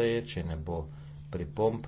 seje, če ne bo pripomp,